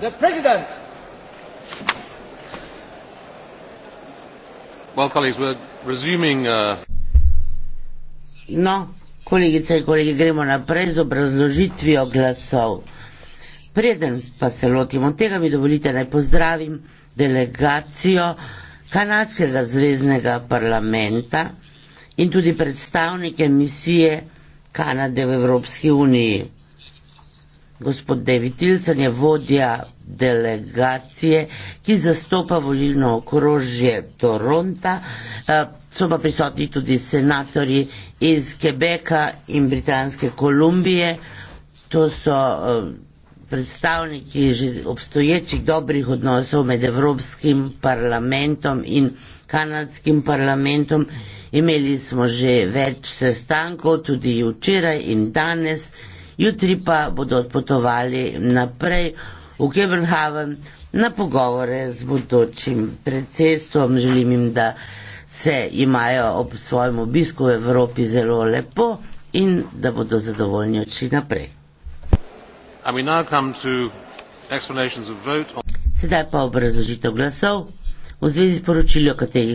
the president well colleagues we're resuming uh... no kolegice in kolegi gremo naprej z obrazložitvijo glasov preden pa se lotimo tega mi dovolite naj pozdravim delegacijo kanadskega zveznega parlamenta in tudi predstavnike misije Kanade v Evropski uniji. Gospod David Tilsen je vodja delegacije, ki zastopa volilno okrožje Toronta. Eh, so pa prisotni tudi senatorji iz Quebeca in Britanske Kolumbije. To so eh, predstavniki že obstoječih dobrih odnosov med Evropskim parlamentom in kanadskim parlamentom. Imeli smo že več sestankov, tudi včeraj in danes jutri pa bodo odpotovali naprej v Kebrnhaven na pogovore z bodočim predsedstvom. Želim jim, da se imajo ob svojem obisku v Evropi zelo lepo in da bodo zadovoljni odšli naprej. Sedaj pa obrazložitev glasov v zvezi s poročili, o kateri